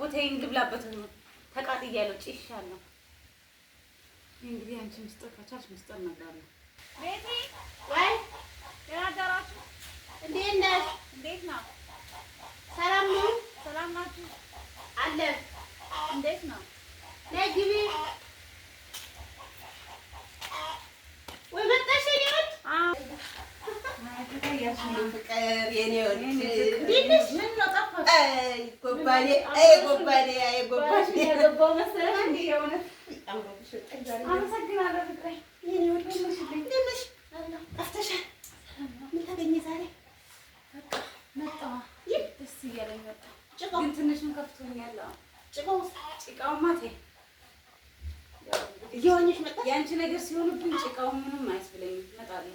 ቦታ ልብላበት ነው። ተቃጥያለሁ፣ ጭሻለሁ። ይህ እንግዲህ አንቺ ምስጢር ከቻልሽ ምስጢር ነገር ነው። ቤቲ ወይ ደራደራችሁ። እንዴት ነሽ? እንዴት ነው? ሰላም ነው? ሰላም ናችሁ? አለ እንዴት ነው? ነይ ግቢ። ወይ መጣሽ? የአንቺ ነገር ሲሆንብኝ ጭቃው ምንም አያስብለኝም። እመጣለሁ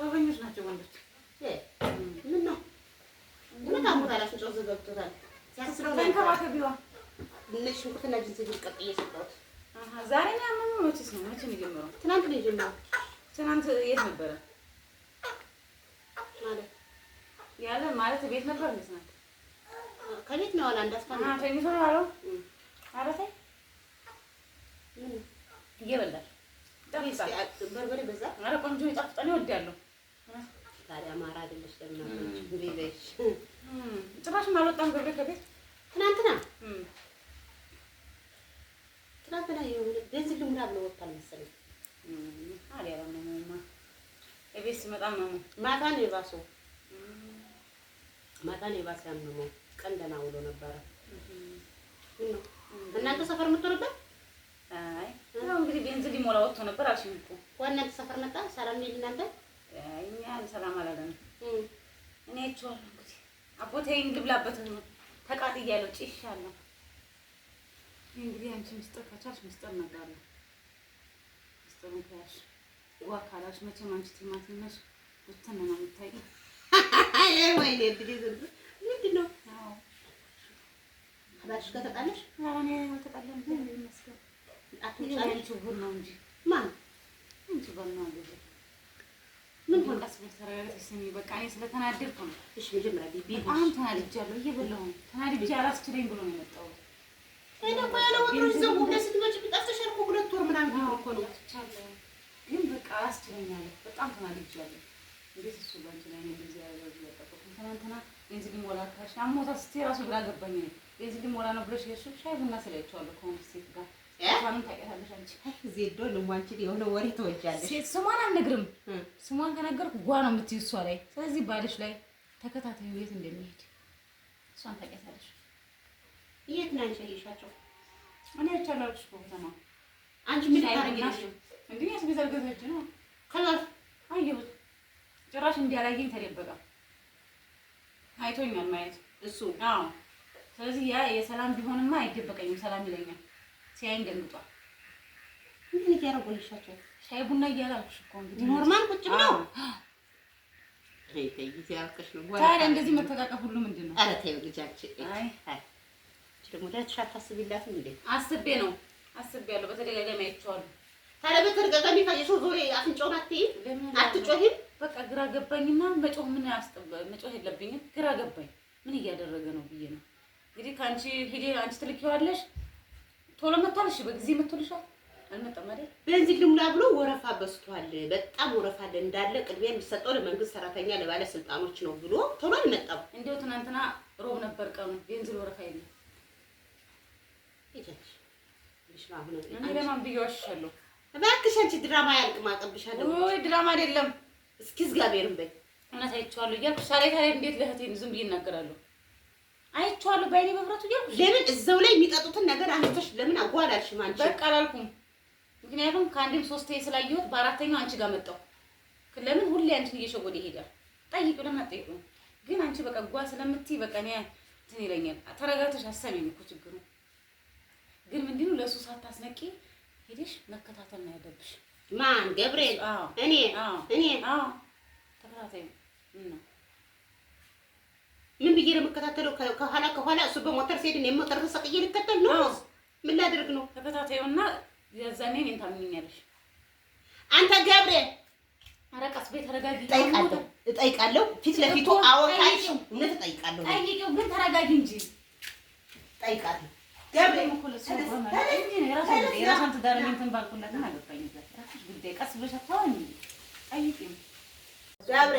ሰበኞች ናቸው ወንዶች። ምን ነው ምን ታሞታል? አፍንጫው ዘገብቶታል። ተንከባከቢዋ ነጭ ሽንኩርትና ዝንጅብል ቀጥ እየሰጠሁት ዛሬ ነው ያመመው። መቼስ ነው መቼ ነው የጀመረው? ትናንት ነው የጀመረው። ትናንት የት ነበረ? ማለት ያለ ማለት ቤት ነበር። ትናንት ከቤት ነው ያለ። አንዳስፋ ነው ተኝቶ ነው ያለው። ኧረ እየበላል በርበሬ በዛ። ኧረ ቆንጆ ይጣፍጣል። ይወዳለሁ ታዲያ አማራ አይደለሽ? ለምን አትወጪ? በይሽ። ጭራሽም አልወጣም ገብሬ ከቤት ትናንትና ትናንትና የሆነ ቤንዚን ልሙላ ብሎ ወጣል መሰለኝ። አሪያ ነው ማማ እቤት ሲመጣ ነው ማታ ነው የባሰው። ማታ ነው የባሰ ያመመው። ቀን ደህና ውሎ ነበረ። እናንተ ሰፈር የምትኖርበት? አይ እንግዲህ ቤንዚን ሊሞላ ወጥቶ ነበር አልሽኝ እኮ። ዋናንተ ሰፈር መጣ ሰላም ይልናለን እኛ ሰላም አላለም። እኔ አይቼዋለሁ። እንግዲህ አቦቴ እንግብላበት ነው ተቃጥያለሁ፣ ጭሻለሁ። እንግዲህ አንቺ ምስጢር ከቻልሽ ምስጢር ነግራለሁ። ምስጢሩን ከያሽ ዋ ካላሽ መቼም አንቺ ቲማቲም ነሽ፣ ብትን ነው የምታይው። ወይኔ ብዬ ዝም ምንድን ነው ባልሽ ከተጣለሽ እኔ አልተጣለም፣ ይመስገን አንቺ ቡል ነው እንጂ ማነው አንቺ ቡል ነው ስለተናደድኩ ነው። በጣም ተናድጃለሁ። እየበላሁ ነው። ተናድጄ አላስችለኝ ብሎ ነው የመጣው። ሁለት ወር ምናምን ግን በቃ አላስችለኝ አለ። በጣም ተናድጃለሁ። እንዴት እሱ ባንቺ ላይ ነው እንደዚህ ያደረገው? ያጠቁት ትናንትና ቤንዚን ሞላ አካሽ አሞታ ስትይ እራሱ ግራ ገባኝ። ቤንዚን ሞላ ነው ብለሽ ሻይ ቡና ስላቸዋለሁ ከሆነ ሴት ጋር የሆነ ወሬ ተወጃለሽ። ስሟን አልነግርም። ስሟን ከነገርኩ ጓ ነው የምትይው እሷ ላይ። ስለዚህ ባልሽ ላይ ተከታተዩ የት እንደሚሄድ እሷን ታውቂያታለሽ። የት ነው አንቺ እኔ አንቺ ምን ታደርጊያለሽ? ነው አየሁት። ጭራሽ እንዲያላየኝ ተደበቀ። አይቶኛል ማየት እሱ። አዎ ስለዚህ ያ የሰላም ቢሆንማ አይደበቀኝም። ሰላም ይለኛል ሲያይን ደንግጧል። እንትን እያደረጉልሻቸው ሻይ ቡና እያላልኩሽ እኮ እንግዲህ ኖርማል ቁጭ ብለው ታዲያ እንደዚህ መተቃቀፍ ሁሉ ምንድን ነው? ኧረ ተይው ልጃችን ደግሞ ዳትሽ አታስቢላትም እንዴ? አስቤ ነው አስቤያለሁ። በተደጋጋሚ አይቼዋለሁ። ታዲያ በተደጋጋሚ ካየሽው ዞሬ አፍንጫውን አትይም አትጮሂም። በቃ ግራ ገባኝና መጮህ ምን ያስጠብ መጮህ የለብኝም። ግራ ገባኝ ምን እያደረገ ነው ብዬ ነው እንግዲህ ከአንቺ ሂዴ አንቺ ትልኪዋለሽ ቶሎ መቷል። እሺ በጊዜ መቶልሻል። አልመጣም አይደል? ቤንዚን ልሙላ ብሎ ወረፋ በዝቷል። በጣም ወረፋ እንዳለ ቅድሚያ የሚሰጠው ለመንግስት ሰራተኛ ለባለስልጣኖች ነው ብሎ ቶሎ አልመጣም። እንዲያው ትናንትና ሮብ ነበር ቀኑ። ቤንዚን ወረፋ የለም። እኔ ለማን ብዬሽ ዋሽሻለሁ? እባክሽ አንቺ ድራማ ያልቅም አቀብሻለሁ። ወይ ድራማ አይደለም። እስኪ እግዚአብሔርን በይ እውነት አይቼዋለሁ እያልኩሽ ታዲያ ታዲያ እንዴት ለእህቴን ዝም ብዬ እናገራለሁ? አይቼዋለሁ በአይኔ በብረቱ እያልኩ ለምን እዛው ላይ የሚጠጡትን ነገር አንተሽ ለምን አጓላልሽም? አንቺ በቃ አላልኩም። ምክንያቱም ከአንድም ሶስት ስላየሁት በአራተኛው አንቺ ጋር መጣሁ። ለምን ሁሌ አንቺን እየሸጎደ ይሄዳል? ጠይቂው። ለምን አትጠይቂውም? ግን አንቺ በቃ ጓ ስለምትይ በቃ እኔ እንትን ይለኛል። ተረጋግተሽ አሰሚኝ እኮ ችግሩ ግን ምንድን ነው ለእሱ ሳታስነቂ ሄደሽ መከታተል ነው ያለብሽ። ማን ገብርኤል? እኔ እኔ ተከታታይ ነው ምን ብዬ ነው የምከታተለው? ከኋላ ከኋላ እሱ በሞተር ሲሄድ እኔ ሞተር ተሰቅዬ ልከተል ነው? ምን ላደርግ ነው? ተከታታዩና የዛኔ እኔን ታምኛለሽ። አንተ ገብሬ አረቃስ ቤት ተረጋጊ። እጠይቃለሁ እጠይቃለሁ፣ ፊት ለፊቱ አወራሽ። እውነት እጠይቃለሁ። ጠይቂው ግን ተረጋጊ እንጂ እጠይቃለሁ። ገብሬ ቀስ ብለሽ አታወራኝም። ጠይቂው ገብሬ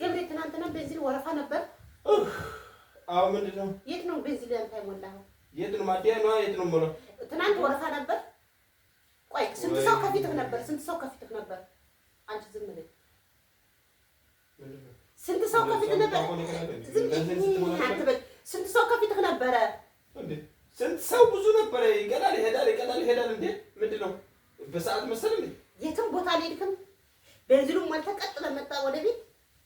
ገብሬ ትናንትና ቤንዚን ወረፋ ነበር። አዎ ምንድን ነው? የት ነው ቤንዚን ያንተ የሞላኸው? የት ነው ማዲያ ነው? የት ነው ሞላው? ትናንት ወረፋ ነበር። ቆይ ስንት ሰው ከፊትህ ነበር? ስንት ሰው ከፊትህ ነበር? አንቺ ዝም ብለህ ስንት ሰው ከፊትህ ነበር? ዝም ብለህ አትበል። ስንት ሰው ከፊትህ ነበረ? ስንት ሰው ብዙ ነበረ። ይቀላል፣ ይሄዳል፣ ይቀላል፣ ይሄዳል። እንዴ ምንድን ነው በሰዓት መሰለህ? የትም ቦታ አልሄድክም። ቤንዚኑም ሞልተህ ቀጥ ብለህ መጣ ወደ ቤት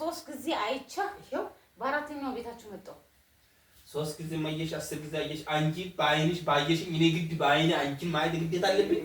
ሶስት ጊዜ አይቼህ በአራተኛው ቤታችሁ መጣሁ። ሶስት ጊዜ አስር ጊዜ አየሽ። አንቺ በአይንሽ ባየሽኝ እኔ ግድ በአይኔ አንቺን ማየት ግዴታ አለብኝ።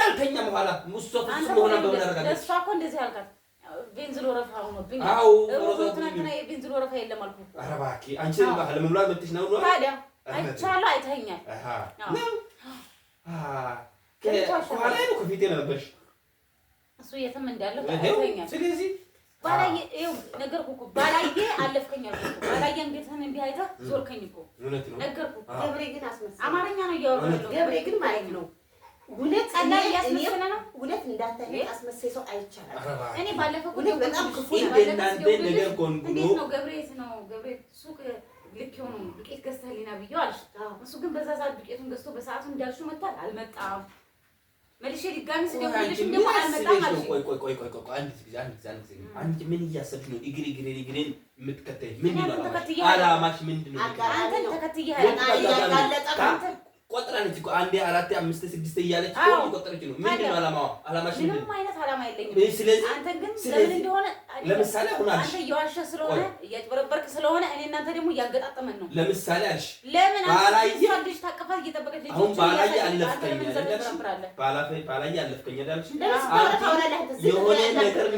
ከተኛም በኋላ ሙስቶፍ መሆና በሆነ እሷ እኮ እንደዚህ አልካት። ወረፋ የለም አልኩ። ኧረ ነው ነው እሱ የትም እንዳለ አይተኛል። ስለዚህ ባላዬ ይኸው እኮ ባላዬ እኮ ባላዬ እንዴትህን እንዲህ አይተህ ዞርከኝ እኮ ነገርኩህ። ገብሬ ግን አስመሰለኝ። አማርኛ ነው እያወራሁ ገብሬ ግን ማለት ነው እውነት እንዳታይ አስመሳይ ዱቄት ገዝተህልኝ ና ብዬው ዱቄቱን ገዝቶ በሰዓቱ እንዳልሽው መጥቷል። አልመጣም ምን እያሰብሽ አላማሽ ምንድን ነው? ቆጥራለች እኮ አንዴ አራት አምስት ስድስት እያለች ቆጥረች ነው። ምንድን ነው ምንድን ነው? ምንም አይነት የለኝም። ስለዚህ አንተ ግን እንደሆነ ለምሳሌ አሁን አንተ ስለሆነ እያጭበረበርክ ስለሆነ እኔ እናንተ ደግሞ እያገጣጠመን ነው። ለምሳሌ አልሽ፣ ለምን ልጅ ታቀፋት እየጠበቀች ልጅ አሁን ባላየ አለፍከኝ፣ ባላየ አለፍከኝ የሆነ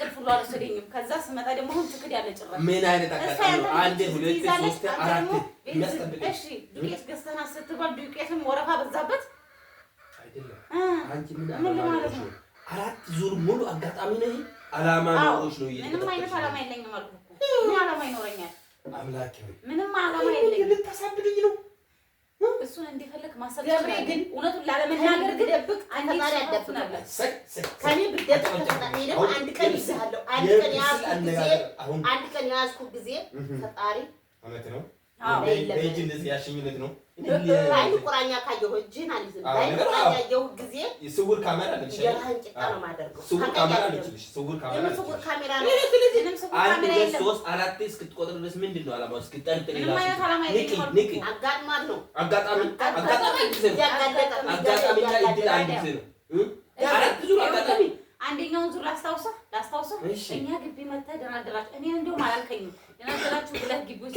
እንቅልፍ ሁሉ አልወሰደኝም። ከዛ ስመጣ ደግሞ አሁን ትክድ ያለ ጭራሽ ምን አይነት አጋጣሚ አንድ ሁለት ሶስት አራት እሺ፣ ዱቄት ገዝተና ስትባል ዱቄትም ወረፋ በዛበት ምን ማለት ነው? አራት ዙር ሙሉ አጋጣሚ ነው። አላማ ኖሮች ነው። ምንም አይነት አላማ የለኝም አልኩ። ምን አላማ ይኖረኛል? አምላክ ምንም አላማ የለኝም። ልታሳብዱኝ ነው እሱን እንደፈለግ ማሰብ ትችላለህ። ግን እውነቱን ላለመናገር ግን ደብቅ አንድ ቀን አንድ ቀን የያዝኩት ጊዜ ፈጣሪ እውነት ነው በእጅ እንደዚህ ያሸኝለት ነው። በአይን ቁራኛ ካየሁ እጅህን አልይዝም። በአይን ቁራኛ ያየሁ ጊዜ ስውር ካሜራ ነው የማደርገው። ስውር ካሜራ ሶስት አራት እስክትቆጥር ድረስ ምንድን ነው አላማው? እስክትጠልጥል አንደኛውን ዙር ላስታውሳ ላስታውሳ እኛ ግቢ መተህ ደናደራችሁ። እኔ እንደውም አላልከኝም ደናደራችሁ ብለህ ግቢ ውስጥ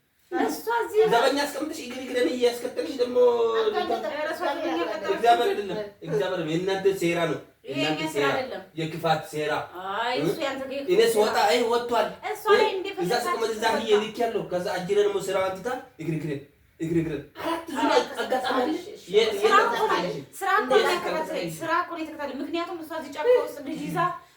ዘበኛ አስቀምጥሽ እግር እግረን እያስከተልሽ ደግሞ እግዚአብሔር አይደለም፣ እግዚአብሔር የእናንተ ሴራ ነው። የክፋት ሴራ። እኔ ስወጣ አይ ወጥቷል እዛ ስቀመጥ እዛ ህዬ ልክ ያለው ከዛ አጅረ ደግሞ ስራ አንትታ እግር እግረን እግር እግረን አራት ዙር አጋጣሚ ስራ እኮ ነው የተከታተለኝ። ስራ እኮ ነው የተከታተለኝ። ምክንያቱም እሷ እዚህ ጫካ ውስጥ ልጅ ይዛ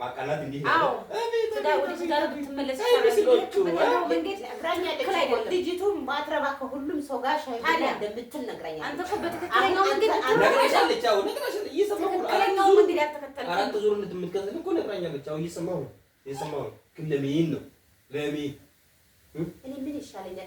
ማቃላት እንዲህ ነው። ልጅቱ ማትረባ ከሁሉም ሰው ጋር ሻይ እንደምትል ነግረኛለች። አንተ እኮ በትክክለኛው መንገድ ነግረኛለች። አዎ ነግረኛለች። እየሰማሁ ነው። አራት ዙር እንደምትከተል እኮ ነግረኛለች። አዎ እየሰማሁ ነው፣ እየሰማሁ ነው። ግን ነው ለምን እኔ ምን ይሻለኛል?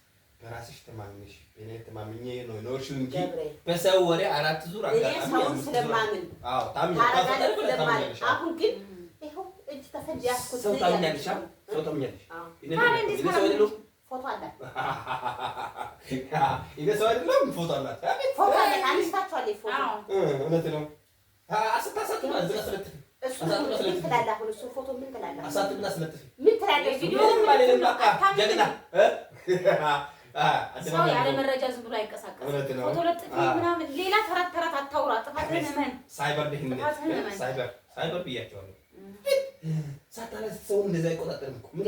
በራስሽ ተማምነሽ እኔ ተማምኜ ነው የኖርሽው እንጂ በሰው ወሬ አራት ዙር አጋጣሚ ሰውን ስለማምን ነው። ምን ትላለህ? ምን ትላለህ? ምን ትላለህ? ቪዲዮ ምን ማለት ነው? ጀግና ሰው ያለ መረጃ ዝም ብሎ አይንቀሳቀስም። ፎቶ ለጥፊ ምናምን ሌላ ተረት ተረት አታውራ። ጥፋትህን እመን። ሳይበር ሳይበር ብያቸዋለሁ። ሳታለስ ሰው እንደዛ አይቆጣጠርም እኮ ምን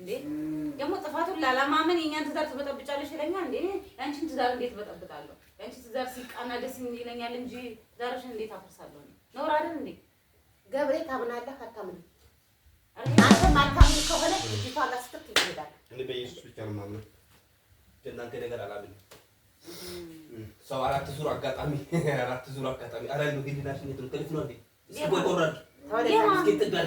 እንዴ ደግሞ ጥፋቱን ላለማመን የኛን ትዳር ትበጠብጫለሽ ይለኛል። እንዴ ያንቺን ትዳር እንዴት በጠብጣለሁ? ያንቺ ትዳር ሲቃና ደስ ይለኛል እንጂ ትዳርሽን እንዴት አፍርሳለሁ? ነውር አይደል እንዴ? ገብሬ ታምናለህ አታምንም? አንተ ማታምን ከሆነ ልጅቷ ላስትክ ይሄዳል። እኔ በኢየሱስ ብቻ ነው የማምነው። የእናንተ ነገር አላምንም። ሰው አራት ዙር አጋጣሚ አራት ዙር አጋጣሚ አላየሁ ግድላሽን የትም ክልፍ ነው እንዴ? እስኪ ወደ እስኪ ትዳር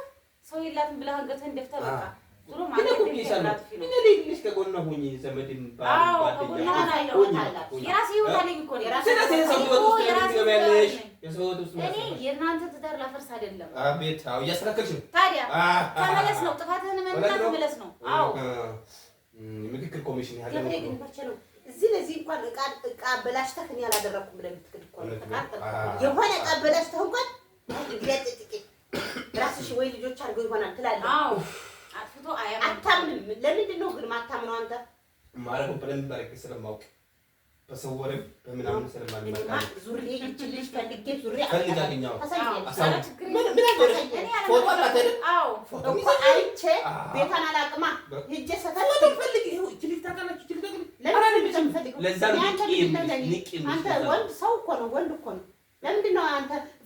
ሰው የላትም ብለህ አንገትህን ደፍተህ በቃ ትንሽ ከጎኗ የእናንተ ትዳር ላፈርስ አይደለም። አቤት እያስተካከልሽ ነው። ታዲያ ተመለስ ነው፣ ጥፋትህን መምና ተመለስ ነው። ምክክር ኮሚሽን እዚህ ለዚህ እንኳን ዕቃ በላሽተህ እኔ አላደረኩም ብለህ የሆነ ዕቃ በላሽተህ እንኳን ወይ ልጆች አድርጎ ይሆናል ትላለህ። አዎ አጥፍቶ አታምንም። ለምንድን ነው ግን ማታምነው አንተ? ማለፉ በደንብ አድርጌ ስለማውቅ በሰወርም በምናምን ስለማልመጣ ዙሪ ይህችን ልጅ ፈልጌ ዙሬ አይቼ አንተ ወንድ ሰው ነው፣ ወንድ ነው። ነው አንተ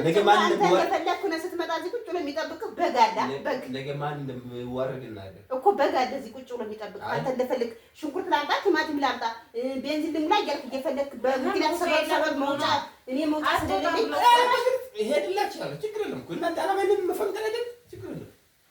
እንደፈለግኩ ነው ስትመጣ እዚህ ቁጭ ብሎ የሚጠብቅህ በግ አለ በግ እኮ በግ እዚህ ቁጭ ብሎ የሚጠብቅህ አንተ እንደፈለግህ ሽንኩርት ላምጣ፣ ቲማቲም ላምጣ፣ ቤንዚን ልሙላ እያልክ እየፈለግህ በምክንያት ሰበብ መውጫ እኔ መውጫ ስለሌለኝ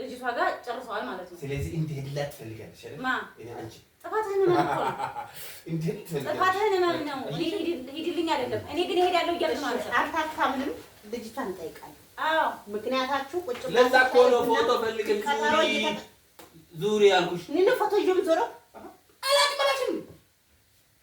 ልጅቷ ጋር ጨርሰዋል ማለት ነው። ስለዚህ እንድሄድላት ጥፋትህን ነው ሂድልኝ አይደለም። እኔ ግን እሄዳለሁ እያልኩ እንጠይቃለን። ምክንያታችሁ ቁጭ ለዛ እኮ ነው ፎቶ ፈልግልኝ ዙሪ ያልኩሽ ፎቶ ዞረው